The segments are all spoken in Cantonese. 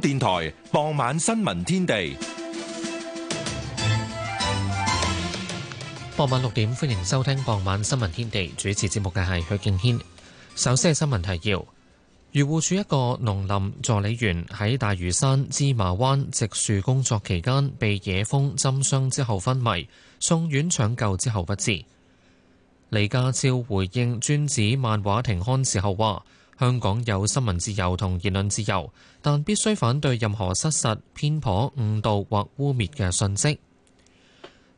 電台傍晚新聞天地，傍晚六點，歡迎收聽傍晚新聞天地。主持節目嘅係許敬軒。首先係新聞提要：漁護署一個農林助理員喺大嶼山芝麻灣植樹工作期間，被野蜂針傷之後昏迷，送院搶救之後不治。李家超回應尊子漫畫停刊時候話。香港有新聞自由同言論自由，但必須反對任何失實、偏頗、誤導或污蔑嘅訊息。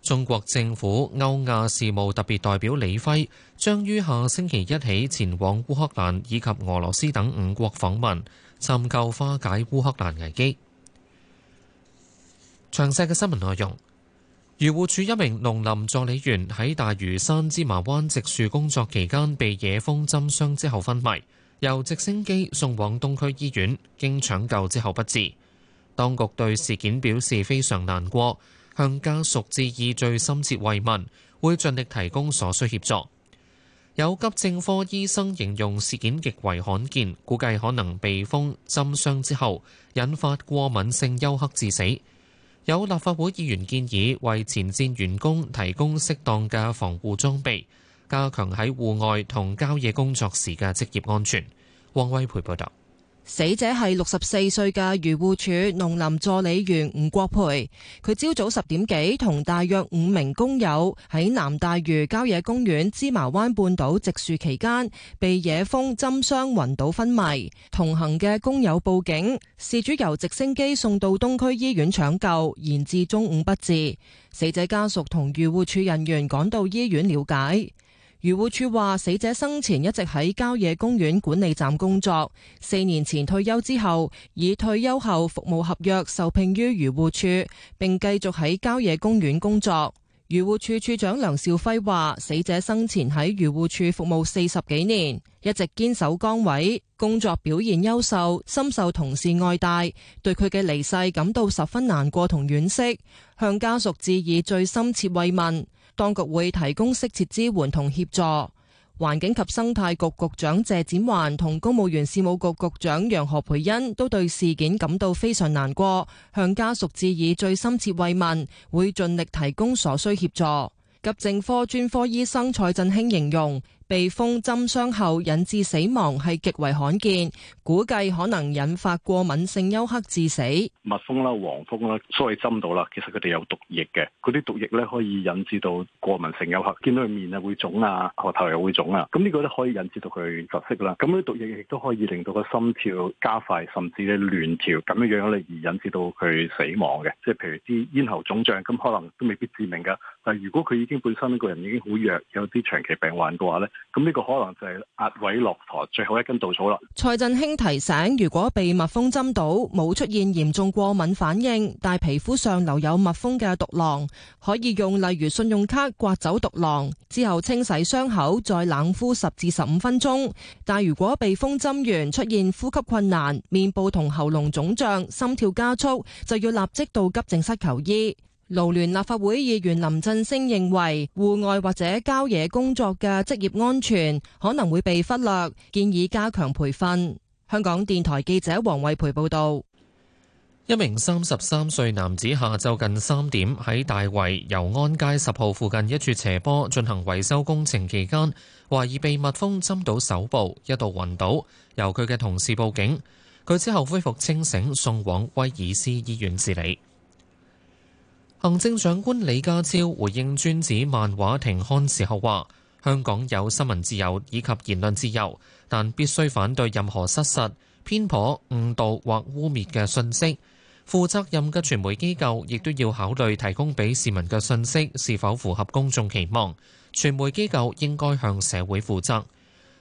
中國政府歐亞事務特別代表李輝將於下星期一起前往烏克蘭以及俄羅斯等五國訪問，尋求化解烏克蘭危機。詳細嘅新聞內容，漁護署一名農林助理員喺大嶼山芝麻灣植樹工作期間被野蜂針傷之後昏迷。由直升機送往東區醫院，經搶救之後不治。當局對事件表示非常難過，向家屬致以最深切慰問，會盡力提供所需協助。有急症科醫生形容事件極為罕見，估計可能被蜂針傷之後引發過敏性休克致死。有立法會議員建議為前線員工提供適當嘅防護裝備。加強喺戶外同郊野工作時嘅職業安全。汪威培報道，死者係六十四歲嘅漁護署農林助理員吳國培。佢朝早十點幾同大約五名工友喺南大嶼郊野公園芝麻灣半島植樹期間，被野蜂針傷暈倒昏迷。同行嘅工友報警，事主由直升機送到東區醫院搶救，延至中午不治。死者家屬同漁護署人員趕到醫院了解。漁護署話，死者生前一直喺郊野公園管理站工作，四年前退休之後，以退休後服務合約受聘於漁護署，並繼續喺郊野公園工作。漁護署署長梁兆輝話，死者生前喺漁護署服務四十幾年，一直堅守崗位，工作表現優秀，深受同事愛戴，對佢嘅離世感到十分難過同惋惜，向家屬致以最深切慰問。當局會提供適切支援同協助。環境及生態局局長謝展寰同公務員事務局局長楊何蓓茵都對事件感到非常難過，向家屬致以最深切慰問，會盡力提供所需協助。急症科專科醫生蔡振興形容。被蜂針傷後引致死亡係極為罕見，估計可能引發過敏性休克致死。蜜蜂啦、黃蜂啦，所謂針到啦，其實佢哋有毒液嘅，嗰啲毒液咧可以引致到過敏性休克，見到佢面啊會腫啊，額頭又會腫啊，咁呢個咧可以引致到佢窒息啦。咁呢啲毒液亦都可以令到個心跳加快，甚至咧亂跳，咁樣樣嚟，而引致到佢死亡嘅。即係譬如啲咽喉腫脹，咁可能都未必致命噶，但係如果佢已經本身呢個人已經好弱，有啲長期病患嘅話咧。咁呢個可能就係壓毀駱駝最後一根稻草啦。蔡振興提醒，如果被蜜蜂針到，冇出現嚴重過敏反應，但皮膚上留有蜜蜂嘅毒囊，可以用例如信用卡刮走毒囊，之後清洗傷口，再冷敷十至十五分鐘。但如果被蜂針完，出現呼吸困難、面部同喉嚨腫脹、心跳加速，就要立即到急症室求醫。勞聯立法會議員林振昇認為，戶外或者郊野工作嘅職業安全可能會被忽略，建議加強培訓。香港電台記者黃慧培報道：一名三十三歲男子下晝近三點喺大圍油安街十號附近一處斜坡進行維修工程期間，懷疑被蜜蜂針到手部，一度暈倒，由佢嘅同事報警。佢之後恢復清醒，送往威爾斯醫院治理。行政長官李家超回應尊子漫畫停刊時候話：香港有新聞自由以及言論自由，但必須反對任何失實、偏頗、誤導或污蔑嘅信息。負責任嘅傳媒機構亦都要考慮提供俾市民嘅信息是否符合公眾期望。傳媒機構應該向社會負責。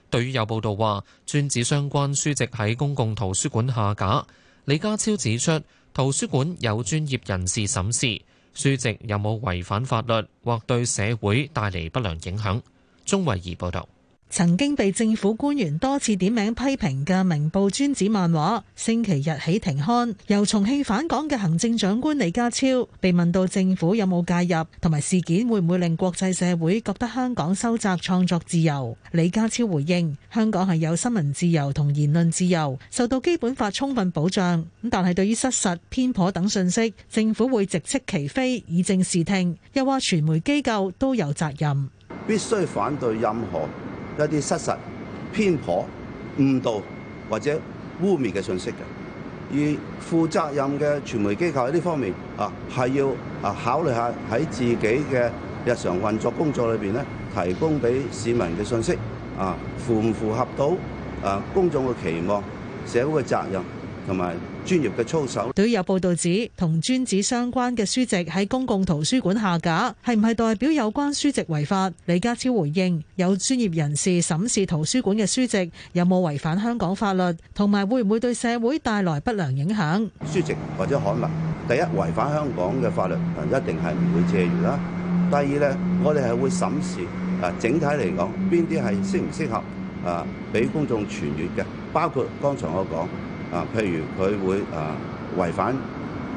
對於有報道話尊子相關書籍喺公共圖書館下架，李家超指出，圖書館有專業人士審視。書籍有冇違反法律或對社會帶嚟不良影響？鍾慧儀報道。曾經被政府官員多次點名批評嘅明報尊子漫畫，星期日起停刊。由重慶返港嘅行政長官李家超被問到政府有冇介入，同埋事件會唔會令國際社會覺得香港收窄創作自由？李家超回應：香港係有新聞自由同言論自由，受到基本法充分保障。咁但係對於失實、偏頗等信息，政府會直斥其非，以正視聽。又話傳媒機構都有責任，必須反對任何。一啲失實、偏頗、誤導或者污蔑嘅信息嘅，而負責任嘅傳媒機構喺呢方面啊，係要啊考慮下喺自己嘅日常運作工作裏邊咧，提供俾市民嘅信息啊，符唔符合到啊公眾嘅期望、社會嘅責任。同埋專業嘅操守。對於有報道指，同專子相關嘅書籍喺公共圖書館下架，係唔係代表有關書籍違法？李家超回應：有專業人士審視圖書館嘅書籍有冇違反香港法律，同埋會唔會對社會帶來不良影響？書籍或者可能第一違反香港嘅法律，一定係唔會借閲啦。第二呢，我哋係會審視啊，整體嚟講，邊啲係適唔適合啊，俾公眾傳閲嘅，包括剛才我講。啊，譬如佢會啊違反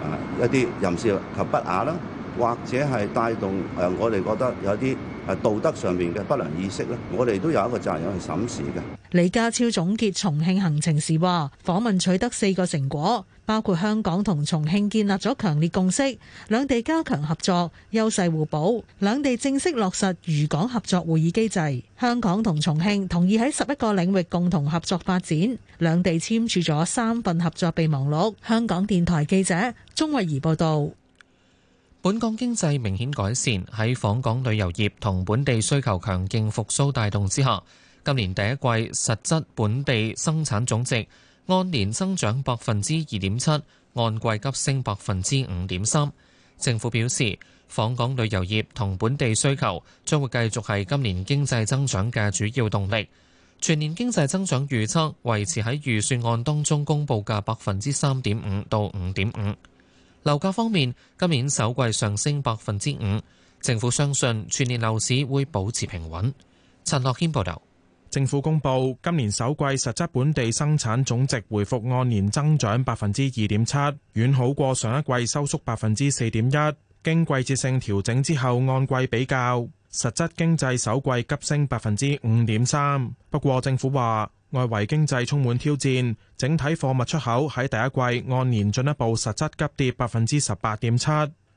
啊一啲人事及不雅啦，或者係帶動誒、啊、我哋覺得有啲誒道德上面嘅不良意識咧，我哋都有一個責任去審視嘅。李家超總結重慶行程時話：訪問取得四個成果，包括香港同重慶建立咗強烈共識，兩地加強合作、優勢互補，兩地正式落實渝港合作會議機制，香港同重慶同意喺十一個領域共同合作發展，兩地簽署咗三份合作備忘錄。香港電台記者鍾慧儀報道：本港經濟明顯改善，喺訪港旅遊業同本地需求強勁復蘇帶動之下今年第一季實質本地生產總值按年增長百分之二點七，按季急升百分之五點三。政府表示，訪港旅遊業同本地需求將會繼續係今年經濟增長嘅主要動力。全年經濟增長預測維持喺預算案當中公布嘅百分之三點五到五點五。樓價方面，今年首季上升百分之五，政府相信全年樓市會保持平穩，陳諾謙報道。政府公布今年首季實質本地生產總值回復按年增長百分之二點七，遠好過上一季收縮百分之四點一。經季節性調整之後，按季比較實質經濟首季急升百分之五點三。不過，政府話外圍經濟充滿挑戰，整體貨物出口喺第一季按年進一步實質急跌百分之十八點七。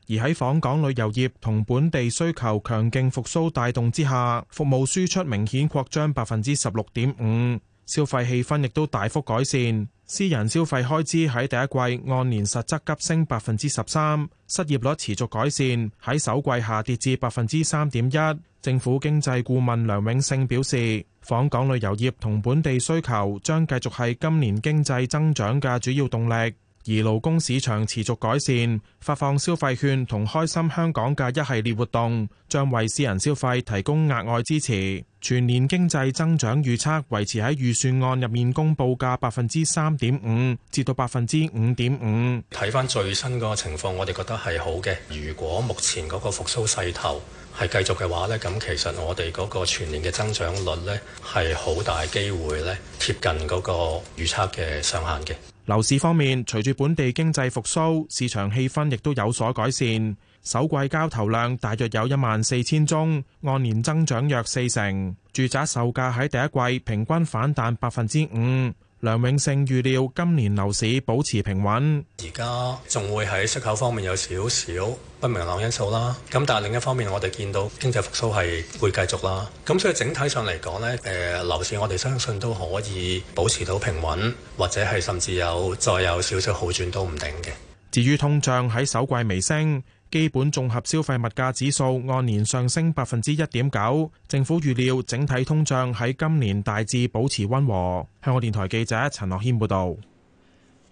而喺訪港旅遊業同本地需求強勁復甦帶動之下，服務輸出明顯擴張百分之十六點五，消費氣氛亦都大幅改善。私人消費開支喺第一季按年實質急升百分之十三，失業率持續改善，喺首季下跌至百分之三點一。政府經濟顧問梁永勝表示，訪港旅遊業同本地需求將繼續係今年經濟增長嘅主要動力。而勞工市場持續改善，發放消費券同開心香港嘅一系列活動，將為私人消費提供額外支持。全年經濟增長預測維持喺預算案入面公布嘅百分之三點五至到百分之五點五。睇返最新個情況，我哋覺得係好嘅。如果目前嗰個復甦勢頭係繼續嘅話呢，咁其實我哋嗰個全年嘅增長率呢，係好大機會呢，貼近嗰個預測嘅上限嘅。樓市方面，隨住本地經濟復甦，市場氣氛亦都有所改善。首季交投量大約有一萬四千宗，按年增長約四成。住宅售價喺第一季平均反彈百分之五。梁永勝預料今年樓市保持平穩，而家仲會喺出口方面有少少不明朗因素啦。咁但係另一方面，我哋見到經濟復甦係會繼續啦。咁所以整體上嚟講呢，誒，樓市我哋相信都可以保持到平穩，或者係甚至有再有少少好轉都唔定嘅。至於通脹喺首季微升。基本綜合消費物價指數按年上升百分之一點九，政府預料整體通脹喺今年大致保持溫和。香港電台記者陳樂軒報導。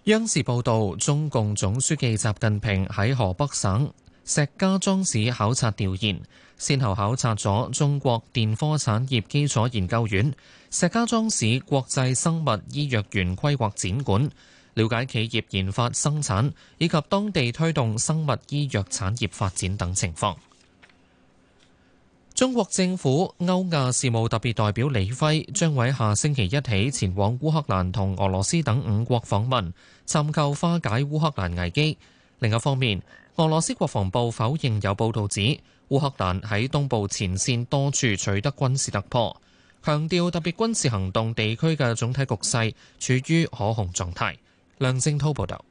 央視報道，中共總書記習近平喺河北省石家莊市考察調研，先後考察咗中國電科產業基礎研究院、石家莊市國際生物醫藥園規劃展館。了解企業研發生產以及當地推動生物醫藥產業發展等情況。中國政府歐亞事務特別代表李輝將會下星期一起前往烏克蘭同俄羅斯等五國訪問，尋求化解烏克蘭危機。另一方面，俄羅斯國防部否認有報導指烏克蘭喺東部前線多處取得軍事突破，強調特別軍事行動地區嘅總體局勢處於可控狀態。梁正濤報道，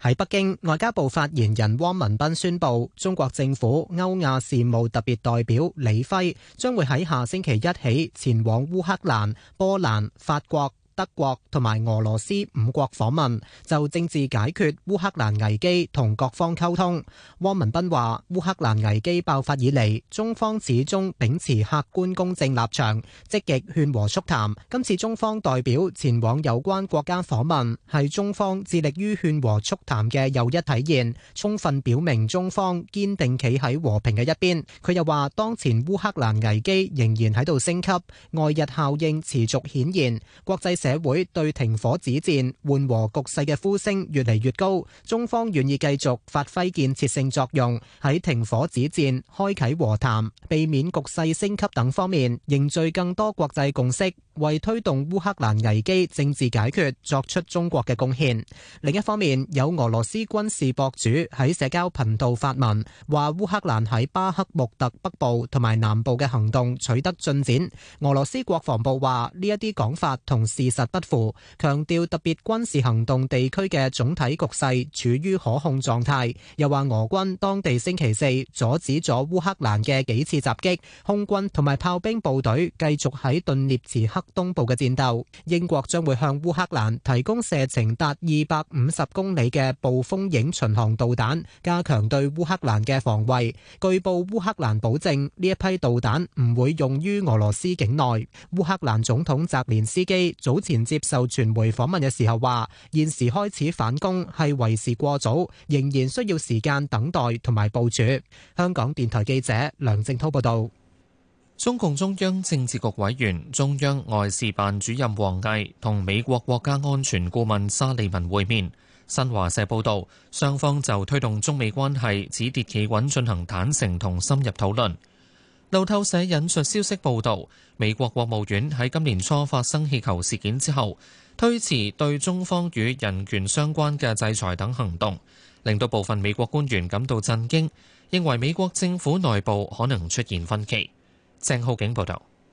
喺北京，外交部發言人汪文斌宣佈，中國政府歐亞事務特別代表李輝將會喺下星期一起前往烏克蘭、波蘭、法國。德國同埋俄羅斯五國訪問，就政治解決烏克蘭危機同各方溝通。汪文斌話：烏克蘭危機爆發以嚟，中方始終秉持客觀公正立場，積極勸和促談。今次中方代表前往有關國家訪問，係中方致力於勸和促談嘅又一體現，充分表明中方堅定企喺和平嘅一邊。佢又話：當前烏克蘭危機仍然喺度升級，外溢效應持續顯現，國際。社會對停火止戰、緩和局勢嘅呼聲越嚟越高，中方願意繼續發揮建設性作用，喺停火止戰、開啟和談、避免局勢升級等方面凝聚更多國際共識，為推動烏克蘭危機政治解決作出中國嘅貢獻。另一方面，有俄羅斯軍事博主喺社交頻道發文，話烏克蘭喺巴克穆特北部同埋南部嘅行動取得進展。俄羅斯國防部話呢一啲講法同事。實不符，強調特別軍事行動地區嘅總體局勢處於可控狀態。又話俄軍當地星期四阻止咗烏克蘭嘅幾次襲擊，空軍同埋炮兵部隊繼續喺頓涅茨克東部嘅戰鬥。英國將會向烏克蘭提供射程達二百五十公里嘅暴風影巡航導彈，加強對烏克蘭嘅防衛。據報烏克蘭保證呢一批導彈唔會用於俄羅斯境內。烏克蘭總統澤連斯基早前接受傳媒訪問嘅時候話，現時開始反攻係為時過早，仍然需要時間等待同埋部署。香港電台記者梁正濤報道。中共中央政治局委員、中央外事辦主任王毅同美國國家安全顧問沙利文會面。新華社報道，雙方就推動中美關係止跌企穩進行坦誠同深入討論。路透社引述消息報道，美國國務院喺今年初發生氣球事件之後推遲對中方與人權相關嘅制裁等行動，令到部分美國官員感到震驚，認為美國政府內部可能出現分歧。鄭浩景報道。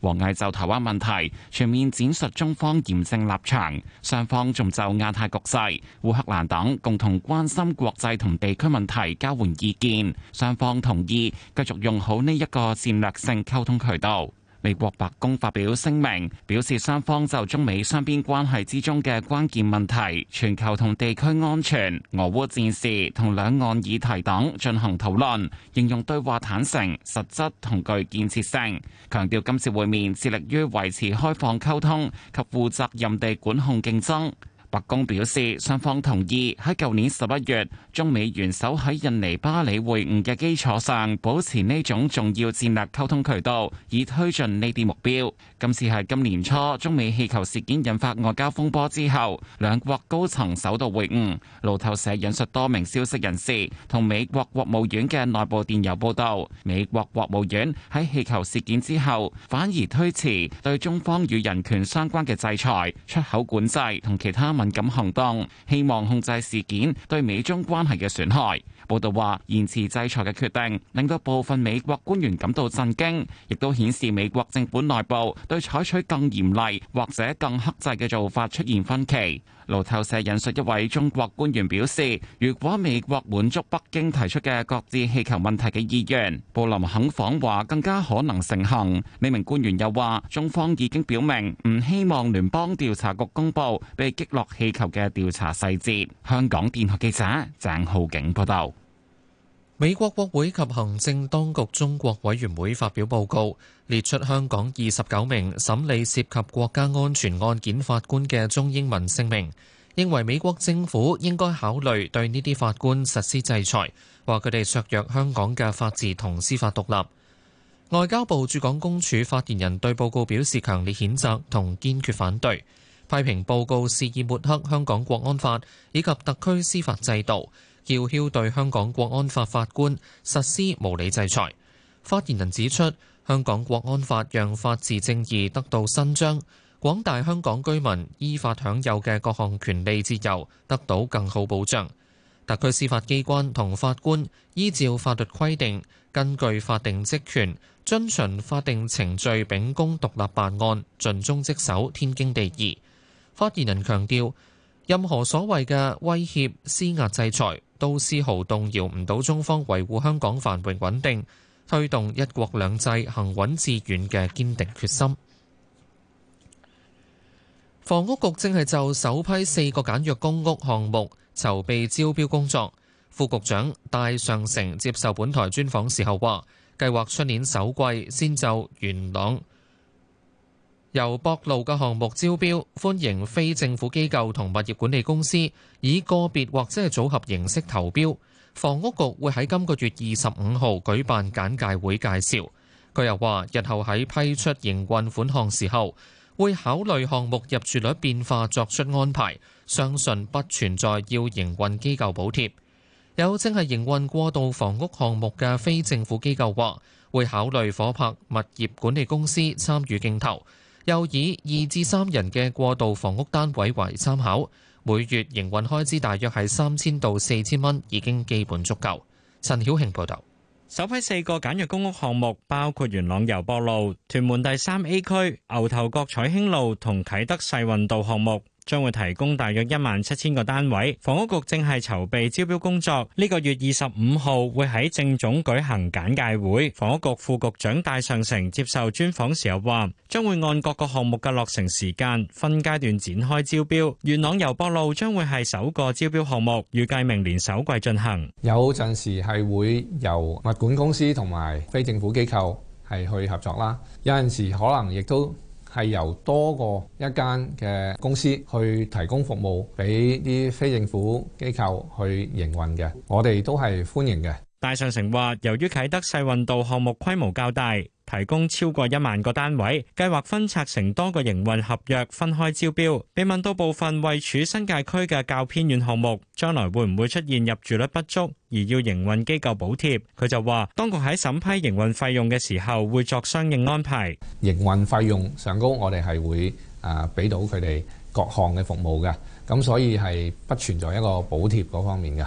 王毅就台灣問題全面展述中方嚴正立場，雙方仲就亞太局勢烏克蘭等共同關心國際同地區問題交換意見，雙方同意繼續用好呢一個戰略性溝通渠道。美國白宮發表聲明，表示雙方就中美雙邊關係之中嘅關鍵問題、全球同地區安全、俄烏戰事同兩岸議題等進行討論，形容對話坦誠、實質同具建設性，強調今次會面致力於維持開放溝通及負責任地管控競爭。白宮表示，雙方同意喺舊年十一月中美元首喺印尼巴里會晤嘅基礎上，保持呢種重要戰略溝通渠道，以推進呢啲目標。今次係今年初中美氣球事件引發外交風波之後，兩國高層首度會晤。路透社引述多名消息人士同美國國務院嘅內部電郵報道，美國國務院喺氣球事件之後，反而推遲對中方與人權相關嘅制裁、出口管制同其他問敢行動，希望控制事件對美中關係嘅損害。報道話，延遲制裁嘅決定，令到部分美國官員感到震驚，亦都顯示美國政府內部對採取更嚴厲或者更克制嘅做法出現分歧。路透社引述一位中國官員表示，如果美國滿足北京提出嘅擱置氣球問題嘅意願，布林肯訪華更加可能成行。呢名官員又話中方已經表明唔希望聯邦調查局公布被擊落氣球嘅調查細節，香港電台記者鄭浩景報道。美國國會及行政當局中國委員會發表報告，列出香港二十九名審理涉及國家安全案件法官嘅中英文姓名，認為美國政府應該考慮對呢啲法官實施制裁，話佢哋削弱香港嘅法治同司法獨立。外交部駐港公署發言人對報告表示強烈譴責同堅決反對，批評報告肆意抹黑香港國安法以及特區司法制度。叫囂對香港國安法法官實施無理制裁。發言人指出，香港國安法讓法治正義得到伸張，廣大香港居民依法享有嘅各項權利自由得到更好保障。特區司法機關同法官依照法律規定，根據法定職權，遵循法定程序，秉公獨立辦案，盡忠職守，天經地義。發言人強調，任何所謂嘅威脅、施壓、制裁。都絲毫動搖唔到中方維護香港繁榮穩定、推動一國兩制行穩致遠嘅堅定決心。房屋局正係就首批四個簡約公屋項目籌備招標工作。副局長戴尚成接受本台專訪時候話，計劃出年首季先就元朗，由博路嘅項目招標，歡迎非政府機構同物業管理公司以個別或者係組合形式投標，房屋局會喺今個月二十五號舉辦簡介會介紹。佢又話日後喺批出營運款項時候，會考慮項目入住率變化作出安排，相信不存在要營運機構補貼。有正係營運過渡房屋項目嘅非政府機構話會考慮夥拍物業管理公司參與競投，又以二至三人嘅過渡房屋單位為參考，每月營運開支大約係三千到四千蚊，已經基本足夠。陳曉慶報導，首批四個簡約公屋項目包括元朗攸壆路、屯門第三 A 區、牛頭角彩興路同啟德世運道項目。將會提供大約一萬七千個單位，房屋局正係籌備招標工作，呢個月二十五號會喺政總舉行簡介會。房屋局副局長戴尚成接受專訪時候話，將會按各個項目嘅落成時間分階段展開招標。元朗油粕路將會係首個招標項目，預計明年首季進行。有陣時係會由物管公司同埋非政府機構係去合作啦，有陣時可能亦都。係由多過一間嘅公司去提供服務俾啲非政府機構去營運嘅，我哋都係歡迎嘅。大上成話，由於啟德世運道項目規模較大，提供超過一萬個單位，計劃分拆成多個營運合約，分開招標。被問到部分位處新界區嘅較偏遠項目，將來會唔會出現入住率不足而要營運機構補貼？佢就話：當局喺審批營運費用嘅時候，會作相應安排。營運費用上高，我哋係會啊俾到佢哋各項嘅服務嘅，咁所以係不存在一個補貼嗰方面嘅。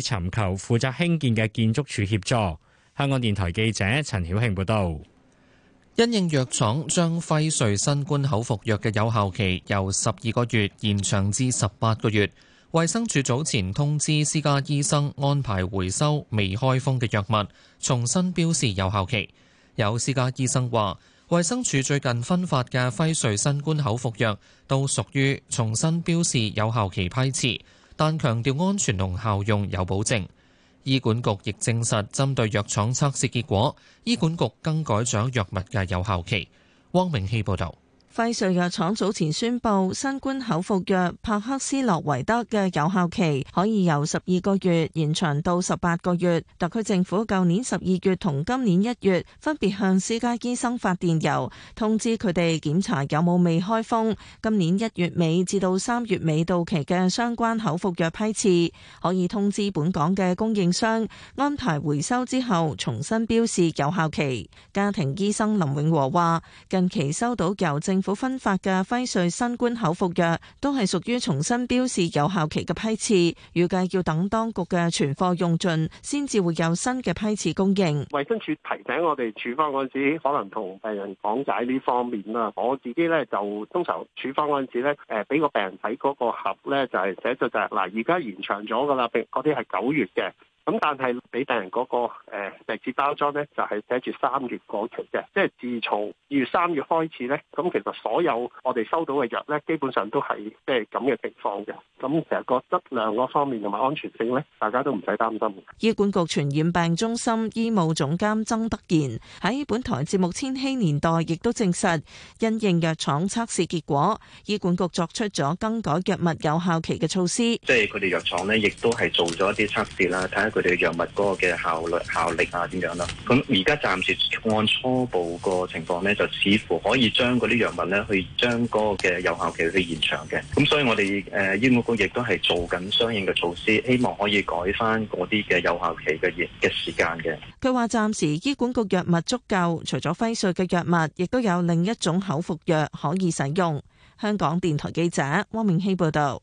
尋求負責興建嘅建築署協助。香港電台記者陳曉慶報道。因應藥廠將輝瑞新冠口服藥嘅有效期由十二個月延長至十八個月，衛生署早前通知私家醫生安排回收未開封嘅藥物，重新標示有效期。有私家醫生話，衛生署最近分發嘅輝瑞新冠口服藥都屬於重新標示有效期批次。但強調安全同效用有保證。醫管局亦證實，針對藥廠測試結果，醫管局更改咗藥物嘅有效期。汪明希報導。輝瑞藥廠早前宣布，新冠口服藥帕克斯洛維德嘅有效期可以由十二個月延長到十八個月。特區政府舊年十二月同今年一月分別向私家醫生發電郵，通知佢哋檢查有冇未開封。今年一月尾至到三月尾到期嘅相關口服藥批次，可以通知本港嘅供應商安排回收之後重新標示有效期。家庭醫生林永和話，近期收到由政分發嘅輝瑞新冠口服藥都係屬於重新標示有效期嘅批次，預計要等當局嘅存貨用盡，先至會有新嘅批次供應。衛生署提醒我哋處方嗰陣時，可能同病人講解呢方面啦。我自己咧就，通常處方嗰陣時咧，誒，俾個病人睇嗰個盒咧就係寫咗就係、是，嗱，而家延長咗噶啦，譬如嗰啲係九月嘅。咁但係俾病人嗰個誒直接包裝咧，就係寫住三月過期嘅，即係自從二月三月開始咧，咁其實所有我哋收到嘅藥咧，基本上都係即係咁嘅情況嘅。咁其實個質量嗰方面同埋安全性咧，大家都唔使擔心。醫管局傳染病中心醫務總監曾德賢喺本台節目《千禧年代》亦都證實，因應藥廠測試結果，醫管局作出咗更改藥物有效期嘅措施。即係佢哋藥廠咧，亦都係做咗一啲測試啦，睇下。佢哋嘅藥物嗰個嘅效率、效力啊點樣啦？咁而家暫時按初步個情況咧，就似乎可以將嗰啲藥物咧，去將嗰個嘅有效期去延長嘅。咁所以我哋誒醫管局亦都係做緊相應嘅措施，希望可以改翻嗰啲嘅有效期嘅嘅時間嘅。佢話暫時醫管局藥物足夠，除咗輝瑞嘅藥物，亦都有另一種口服藥可以使用。香港電台記者汪明希報導。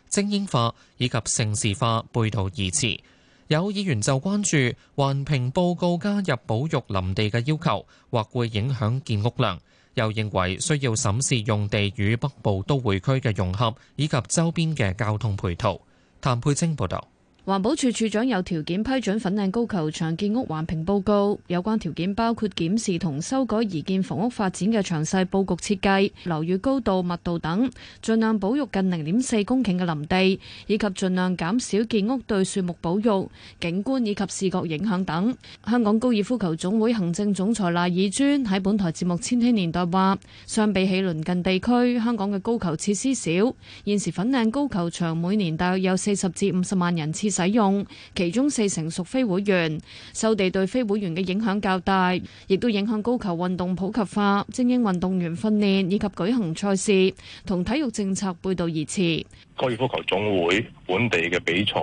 精英化以及城市化背道而馳，有議員就關注環評報告加入保育林地嘅要求，或會影響建屋量，又認為需要審視用地與北部都會區嘅融合，以及周邊嘅交通配套。譚佩清報導。環保署署長有條件批准粉嶺高球場建屋環評報告，有關條件包括檢視同修改擬建房屋發展嘅詳細布局設計、樓宇高度、密度等，盡量保育近零點四公頃嘅林地，以及盡量減少建屋對樹木保育、景觀以及視覺影響等。香港高爾夫球總會行政總裁賴爾尊喺本台節目《千禧年代》話：相比起鄰近地區，香港嘅高球設施少，現時粉嶺高球場每年大約有四十至五十萬人次。使用其中四成屬非會員，收地對非會員嘅影響較大，亦都影響高球運動普及化、精英運動員訓練以及舉行賽事，同體育政策背道而馳。高爾夫球總會本地嘅比賽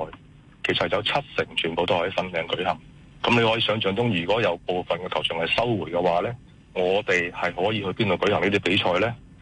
其實有七成全部都係喺粉嶺舉行，咁你可以想象中，如果有部分嘅球場係收回嘅話呢，我哋係可以去邊度舉行呢啲比賽咧？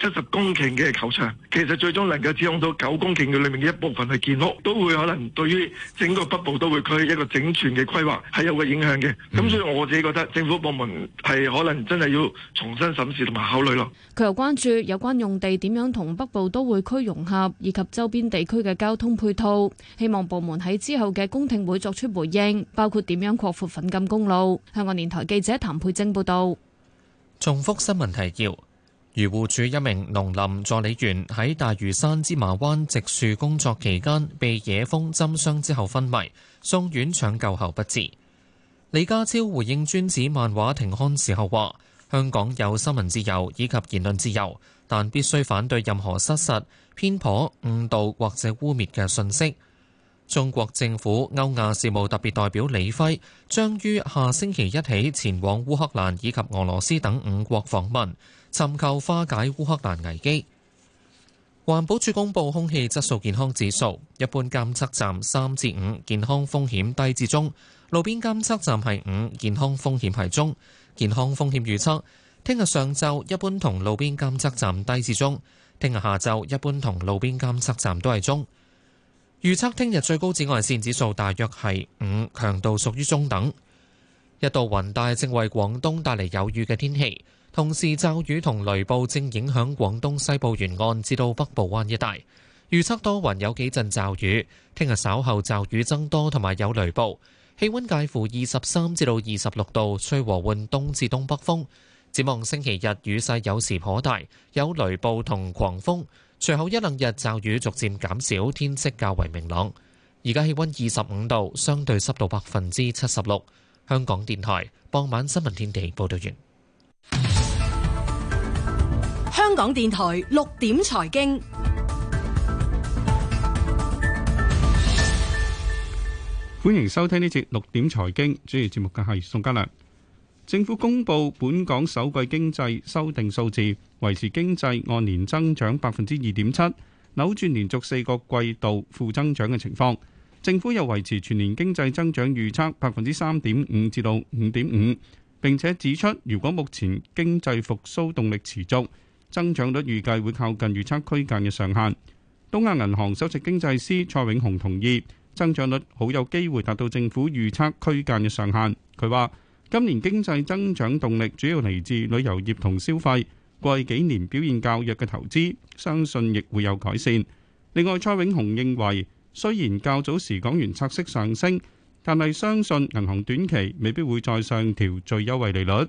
七十公頃嘅球場，其實最終能夠使用到九公頃嘅裏面嘅一部分去建屋，都會可能對於整個北部都會區一個整全嘅規劃係有個影響嘅。咁、嗯、所以我自己覺得政府部門係可能真係要重新審視同埋考慮咯。佢又關注有關用地點樣同北部都會區融合，以及周邊地區嘅交通配套，希望部門喺之後嘅公聽會作出回應，包括點樣擴闊粉錦公路。香港電台記者譚佩貞報道。重複新聞提要。漁護署一名農林助理員喺大嶼山芝麻灣植樹工作期間，被野蜂針傷之後昏迷，送院搶救後不治。李家超回應尊子漫畫停刊時候話，香港有新聞自由以及言論自由，但必須反對任何失實、偏頗、誤導或者污蔑嘅信息。中國政府歐亞事務特別代表李輝將於下星期一起前往烏克蘭以及俄羅斯等五國訪問。尋求化解烏克蘭危機。環保署公布空氣質素健康指數，一般監測站三至五，健康風險低至中；路邊監測站係五，健康風險係中。健康風險預測：聽日上晝一般同路邊監測站低至中；聽日下晝一般同路邊監測站都係中。預測聽日最高紫外線指數大約係五，強度屬於中等。一道雲帶正為廣東帶嚟有雨嘅天氣。同時，驟雨同雷暴正影響廣東西部沿岸至到北部灣一帶。預測多雲，有幾陣驟雨。聽日稍後驟雨增多，同埋有雷暴。氣温介乎二十三至到二十六度，吹和緩東至東北風。展望星期日雨勢有時可大，有雷暴同狂風。隨後一兩日驟雨逐漸減，減，減，減，減，減少，天色較為明朗。而家氣温二十五度，相對濕度百分之七十六。香港電台傍晚新聞天地，報道完。香港電台六點財經，歡迎收聽呢節六點財經。主持節目嘅係宋嘉良。政府公布本港首季經濟修訂數字，維持經濟按年增長百分之二點七，扭轉連續四個季度負增長嘅情況。政府又維持全年經濟增長預測百分之三點五至到五點五，並且指出，如果目前經濟復甦動力持續。增長率預計會靠近預測區間嘅上限。東亞銀行首席經濟師蔡永雄同意增長率好有機會達到政府預測區間嘅上限。佢話：今年經濟增長動力主要嚟自旅遊業同消費，過去幾年表現較弱嘅投資，相信亦會有改善。另外，蔡永雄認為雖然較早時港元拆息上升，但係相信銀行短期未必會再上調最優惠利率。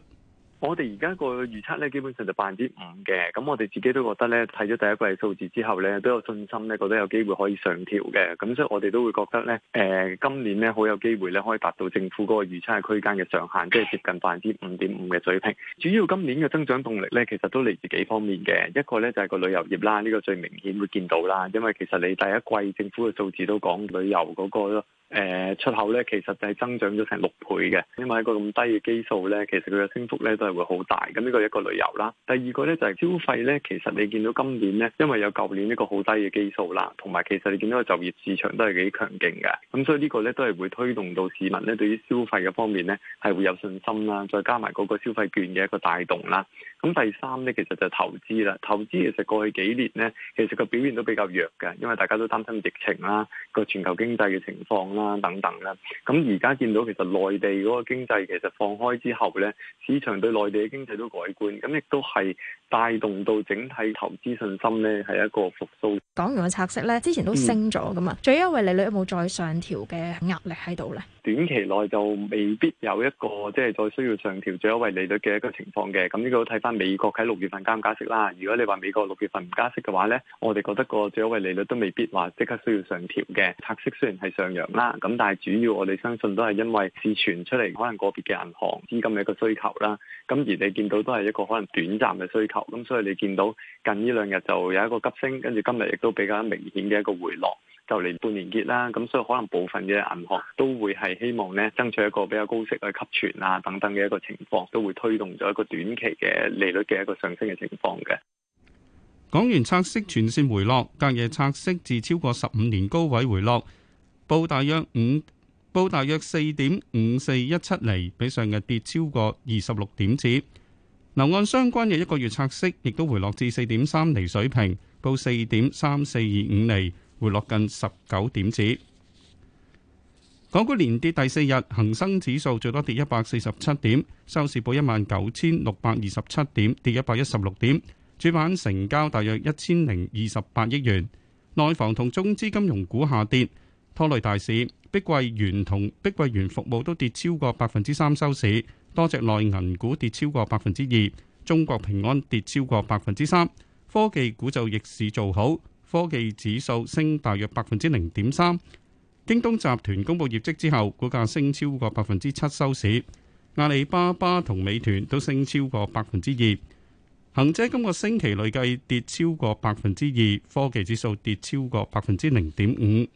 我哋而家個預測咧，基本上就百分之五嘅。咁我哋自己都覺得咧，睇咗第一季數字之後咧，都有信心咧，覺得有機會可以上調嘅。咁所以我哋都會覺得咧，誒、呃、今年咧好有機會咧，可以達到政府嗰個預測嘅區間嘅上限，即係接近百分之五點五嘅水平。主要今年嘅增長動力咧，其實都嚟自幾方面嘅，一個咧就係個旅遊業啦，呢、這個最明顯會見到啦，因為其實你第一季政府嘅數字都講旅遊嗰、那個。誒、呃、出口咧，其實就係增長咗成六倍嘅，因為一個咁低嘅基數咧，其實佢嘅升幅咧都係會好大。咁、這、呢個一個旅遊啦，第二個咧就係、是、消費咧。其實你見到今年咧，因為有舊年呢個好低嘅基數啦，同埋其實你見到個就業市場都係幾強勁嘅。咁所以個呢個咧都係會推動到市民咧對於消費嘅方面咧係會有信心啦。再加埋嗰個消費券嘅一個帶動啦。咁第三咧其實就係投資啦，投資其實過去幾年咧其實個表現都比較弱嘅，因為大家都擔心疫情啦個全球經濟嘅情況。啊，等等啦，咁而家見到其實內地嗰個經濟其實放開之後咧，市場對內地嘅經濟都改觀，咁亦都係帶動到整體投資信心咧，係一個復甦。講完嘅拆息咧，之前都升咗咁啊，嗯、最優惠利率有冇再上調嘅壓力喺度咧？短期內就未必有一個即係、就是、再需要上調最優惠利率嘅一個情況嘅。咁呢個睇翻美國喺六月份加唔加息啦。如果你話美國六月份唔加息嘅話咧，我哋覺得個最優惠利率都未必話即刻需要上調嘅。拆息雖然係上揚啦。咁但係主要我哋相信都係因為市傳出嚟可能個別嘅銀行資金嘅一個需求啦，咁而你見到都係一個可能短暫嘅需求，咁所以你見到近呢兩日就有一個急升，跟住今日亦都比較明顯嘅一個回落，就嚟半年結啦，咁所以可能部分嘅銀行都會係希望呢爭取一個比較高息去吸存啊等等嘅一個情況，都會推動咗一個短期嘅利率嘅一個上升嘅情況嘅。港元拆息全線回落，隔夜拆息至超過十五年高位回落。報大約五，報大約四點五四一七厘，比上日跌超過二十六點子。樓按相關嘅一個月拆息亦都回落至四點三厘水平，報四點三四二五厘，回落近十九點子。港股連跌第四日，恒生指數最多跌一百四十七點，收市報一萬九千六百二十七點，跌一百一十六點。主板成交大約一千零二十八億元，內房同中資金融股下跌，拖累大市，碧桂園同碧桂園服務都跌超過百分之三收市。多隻內銀股跌超過百分之二，中國平安跌超過百分之三。科技股就逆市做好，科技指數升大約百分之零點三。京東集團公布業績之後，股價升超過百分之七收市。阿里巴巴同美團都升超過百分之二。恒指今個星期累計跌超過百分之二，科技指數跌超過百分之零點五。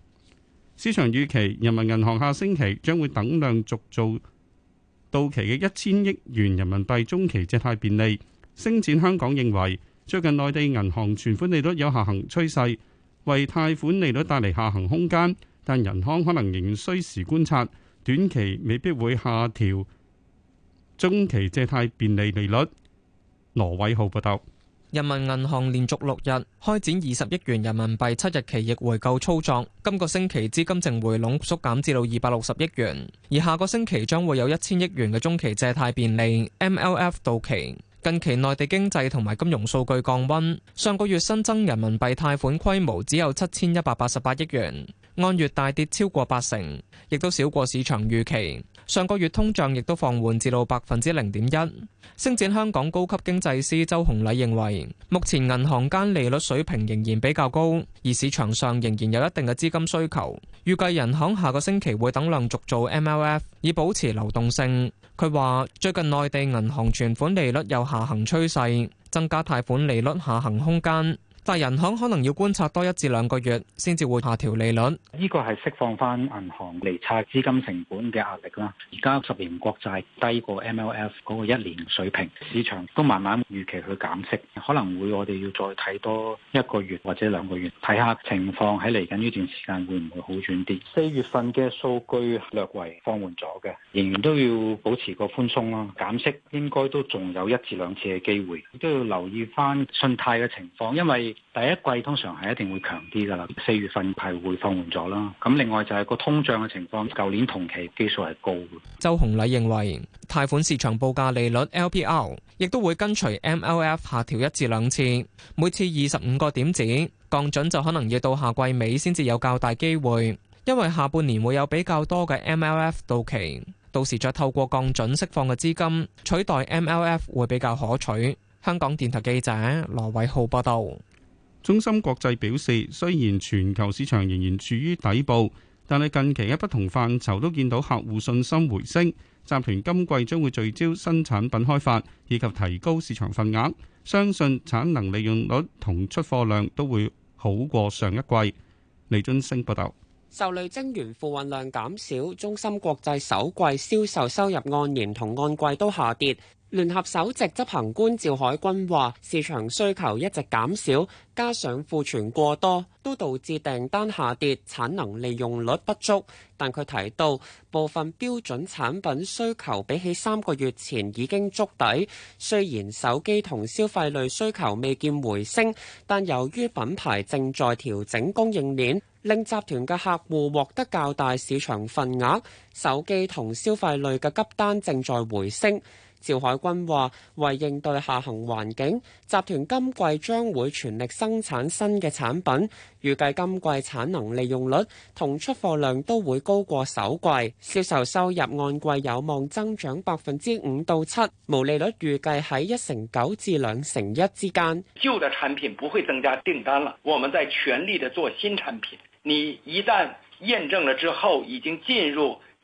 市場預期人民銀行下星期將會等量續做到期嘅一千億元人民幣中期借貸便利。星展香港認為，最近內地銀行存款利率有下行趨勢，為貸款利率帶嚟下行空間，但人行可能仍需時觀察，短期未必會下調中期借貸便利利率。羅偉浩報道。人民銀行連續六日開展二十億元人民幣七日期逆回購操，操作，今個星期資金淨回籠縮減至到二百六十億元，而下個星期將會有一千億元嘅中期借貸便利 （MLF） 到期。近期內地經濟同埋金融數據降温，上個月新增人民幣貸款規模只有七千一百八十八億元。按月大跌超過八成，亦都少過市場預期。上個月通脹亦都放緩至到百分之零點一。星展香港高級經濟師周洪禮認為，目前銀行間利率水平仍然比較高，而市場上仍然有一定嘅資金需求。預計人行下個星期會等量續做 MLF 以保持流動性。佢話最近內地銀行存款利率有下行趨勢，增加貸款利率下行空間。但係，銀行可能要觀察多一至兩個月，先至會下調利率。呢個係釋放翻銀行嚟拆資金成本嘅壓力啦。而家十年國債低過 MLF 嗰個一年水平，市場都慢慢預期去減息，可能會我哋要再睇多一個月或者兩個月，睇下情況喺嚟緊呢段時間會唔會好轉啲。四月份嘅數據略為放緩咗嘅，仍然都要保持個寬鬆咯。減息應該都仲有一至兩次嘅機會，都要留意翻信貸嘅情況，因為。第一季通常係一定會強啲噶啦，四月份係會放緩咗啦。咁另外就係個通脹嘅情況，舊年同期基數係高嘅。周洪禮認為，貸款市場報價利率 LPR 亦都會跟隨 MLF 下調一至兩次，每次二十五個點子，降準就可能要到下季尾先至有較大機會，因為下半年會有比較多嘅 MLF 到期，到時再透過降準釋放嘅資金取代 MLF 會比較可取。香港電台記者羅偉浩報道。中芯國際表示，雖然全球市場仍然處於底部，但係近期喺不同範疇都見到客戶信心回升。集團今季將會聚焦新產品開發以及提高市場份額，相信產能利用率同出貨量都會好過上一季。李津升報道，受累晶圓貨運量減少，中芯國際首季銷售收入按年同按季都下跌。聯合首席執行官趙海軍話，市場需求一直減少，加上庫存過多，都導致訂單下跌，產能利用率不足。但佢提到部分標準產品需求比起三個月前已經築底。雖然手機同消費類需求未見回升，但由於品牌正在調整供應鏈，令集團嘅客戶獲得較大市場份額。手機同消費類嘅急單正在回升。趙海軍話：為應對下行環境，集團今季將會全力生產新嘅產品，預計今季產能利用率同出貨量都會高過首季，銷售收入按季有望增長百分之五到七，毛利率預計喺一成九至兩成一之間。舊的產品不會增加訂單了，我們在全力的做新產品。你一旦驗證了之後，已經進入。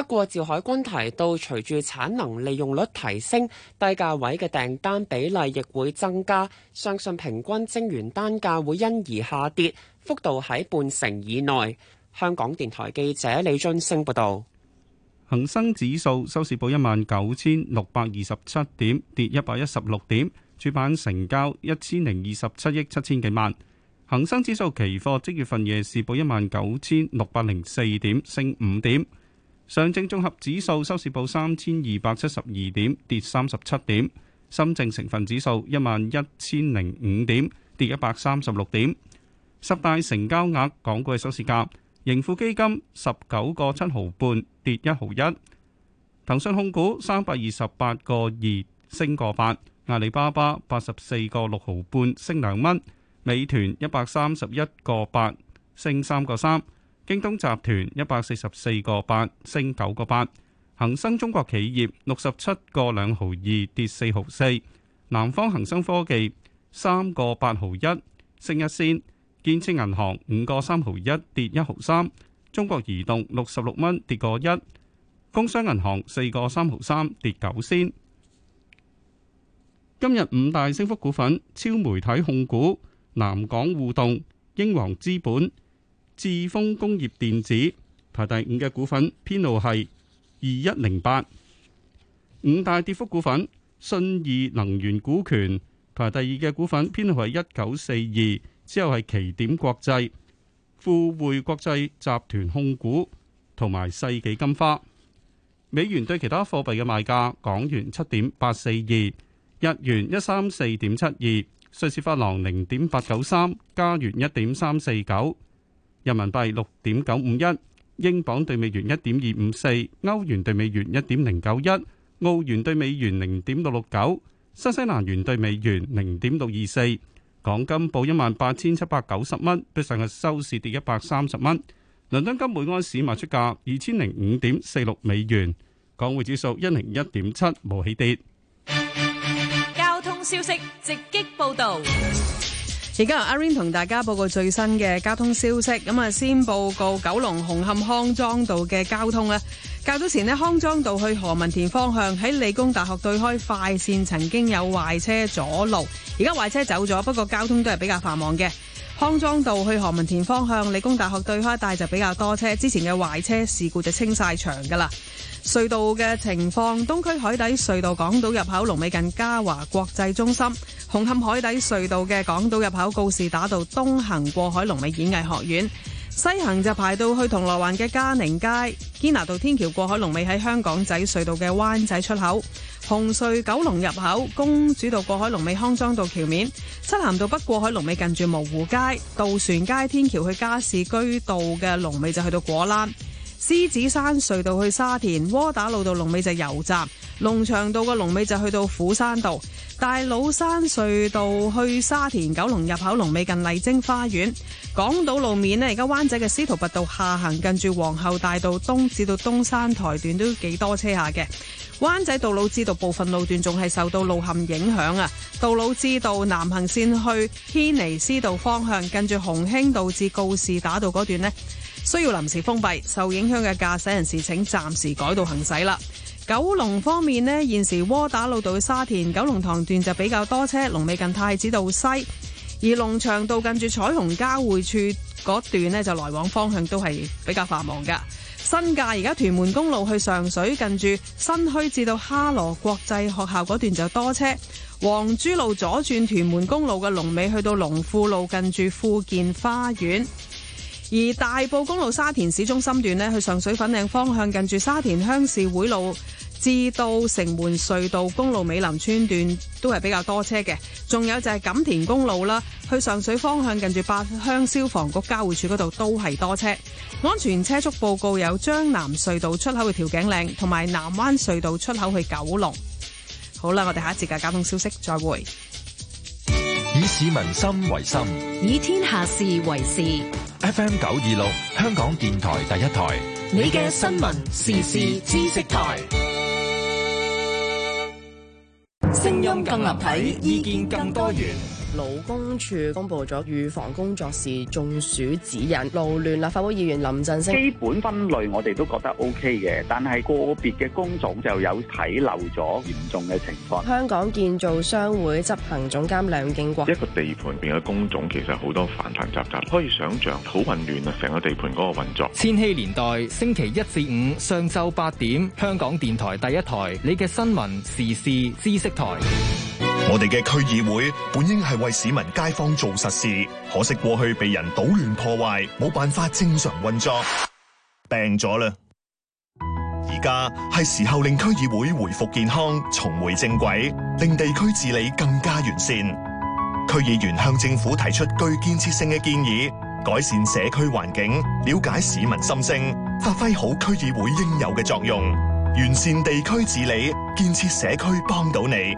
不過，趙海軍提到，隨住產能利用率提升，低價位嘅訂單比例亦會增加，相信平均晶圓單價會因而下跌，幅度喺半成以內。香港電台記者李俊升報道。恒生指數收市報一萬九千六百二十七點，跌一百一十六點，主板成交一千零二十七億七千幾萬。恒生指數期貨即月份夜市報一萬九千六百零四點，升五點。上證綜合指數收市報三千二百七十二點，跌三十七點。深證成分指數一萬一千零五點，跌一百三十六點。十大成交額港股嘅收市價，盈富基金十九個七毫半，跌一毫一。騰訊控股三百二十八個二，升個八。阿里巴巴八十四個六毫半，升兩蚊。美團一百三十一個八，升三個三。京東集團一百四十四個八升九個八。恒生中國企業六十七個兩毫二跌四毫四。南方恒生科技三個八毫一升一仙。建設銀行五個三毫一跌一毫三。中國移動六十六蚊跌個一。工商銀行四個三毫三跌九仙。今日五大升幅股份：超媒體控股、南港互動、英皇資本。智豐工業電子排第五嘅股份，編號係二一零八。五大跌幅股份，信義能源股權排第二嘅股份，編號係一九四二。之後係奇點國際、富匯國際集團控股同埋世紀金花。美元對其他貨幣嘅賣價，港元七點八四二，日元一三四點七二，瑞士法郎零點八九三，加元一點三四九。人民幣六點九五一，英鎊兌美元一點二五四，歐元兌美元一點零九一，澳元兌美元零點六六九，新西蘭元兌美元零點六二四。港金報一萬八千七百九十蚊，比上日收市跌一百三十蚊。倫敦金每安士賣出價二千零五點四六美元，港匯指數一零一點七，冇起跌。交通消息直擊報道。而家由阿 rain 同大家報告最新嘅交通消息。咁啊，先報告九龍紅磡康莊道嘅交通啦。較早前呢，康莊道去何文田方向喺理工大學對開快線曾經有壞車阻路，而家壞車走咗，不過交通都係比較繁忙嘅。康莊道去何文田方向，理工大學對開一帶就比較多車。之前嘅壞車事故就清晒場㗎喇。隧道嘅情況，東區海底隧道港島入口龍尾近嘉華國際中心；紅磡海底隧道嘅港島入口告士打道東行過海龍尾演藝學院。西行就排到去銅鑼灣嘅嘉寧街、堅拿道天橋過海龍尾喺香港仔隧道嘅灣仔出口、紅隧九龍入口、公主道過海龍尾康莊道橋面、漆咸道北過海龍尾近住蕪湖街、渡船街天橋去加士居道嘅龍尾就去到果欄。獅子山隧道去沙田窩打路到龍尾就油站，龍翔道個龍尾就去到虎山道；大老山隧道去沙田九龍入口龍尾近麗晶花園。港島路面呢。而家灣仔嘅司徒拔道下行近住皇后大道東至到東山台段都幾多車下嘅。灣仔道路至道部分路段仲係受到路陷影響啊！道路至道南行線去軒尼詩道方向近住洪興道至告士打道嗰段呢。需要臨時封閉，受影響嘅駕駛人士請暫時改道行駛啦。九龍方面呢，現時窩打老道沙田九龍塘段就比較多車，龍尾近太子道西；而龍翔道近住彩虹交匯處嗰段呢，就來往方向都係比較繁忙嘅。新界而家屯門公路去上水近住新墟至到哈羅國際學校嗰段就多車，黃珠路左轉屯門公路嘅龍尾去到龍富路近住富健花園。而大埔公路沙田市中心段呢，去上水粉嶺方向，近住沙田鄉事會路至到城門隧道公路美林村段，都係比較多車嘅。仲有就係錦田公路啦，去上水方向近住八鄉消防局交匯處嗰度都係多車。安全車速報告有將藍隧道出口去調景嶺，同埋南灣隧道出口去九龍。好啦，我哋下一節嘅交通消息再會。以市民心為心，以天下事為事。FM 九二六，香港電台第一台，你嘅新聞時事知識台，聲音更立體，意見更多元。勞工處公布咗預防工作時中暑指引。勞聯立法會議員林振升：基本分類我哋都覺得 OK 嘅，但係個別嘅工種就有睇漏咗嚴重嘅情況。香港建造商會執行總監梁敬國：一個地盤入邊嘅工種其實好多繁繁雜雜，可以想象好混亂啊！成個地盤嗰個運作。千禧年代星期一至五上晝八點，香港電台第一台，你嘅新聞時事知識台。我哋嘅區議會本應係為市民街坊做實事，可惜過去被人搗亂破壞，冇辦法正常運作，病咗了啦。而家係時候令區議會回復健康，重回正軌，令地區治理更加完善。區議員向政府提出具建設性嘅建議，改善社區環境，了解市民心聲，發揮好區議會應有嘅作用，完善地區治理，建設社區，幫到你。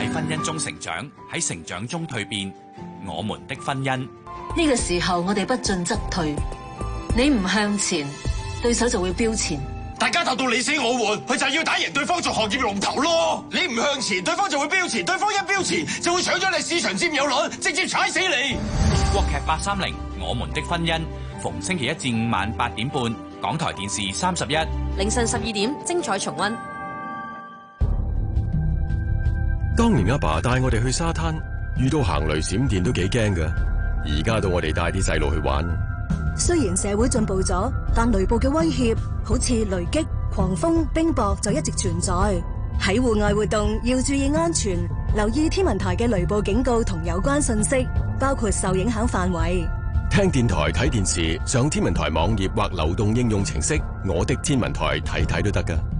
喺婚姻中成長，喺成長中蛻變。我們的婚姻呢個時候，我哋不進則退。你唔向前，對手就會飆前。大家鬥到你死我活，佢就要打贏對方做行業龍頭咯。你唔向前，對方就會飆前，對方一飆前就會搶咗你市場佔有率，直接踩死你。國劇八三零，我們的婚姻，逢星期一至五晚八點半，港台電視三十一，凌晨十二點精彩重溫。當年阿爸帶我哋去沙灘，遇到行雷閃電都幾驚噶。而家到我哋帶啲細路去玩，雖然社會進步咗，但雷暴嘅威脅好似雷擊、狂風、冰雹就一直存在。喺戶外活動要注意安全，留意天文台嘅雷暴警告同有關信息，包括受影響範圍。聽電台、睇電視、上天文台網頁或流動應用程式《我的天文台》看看，睇睇都得噶。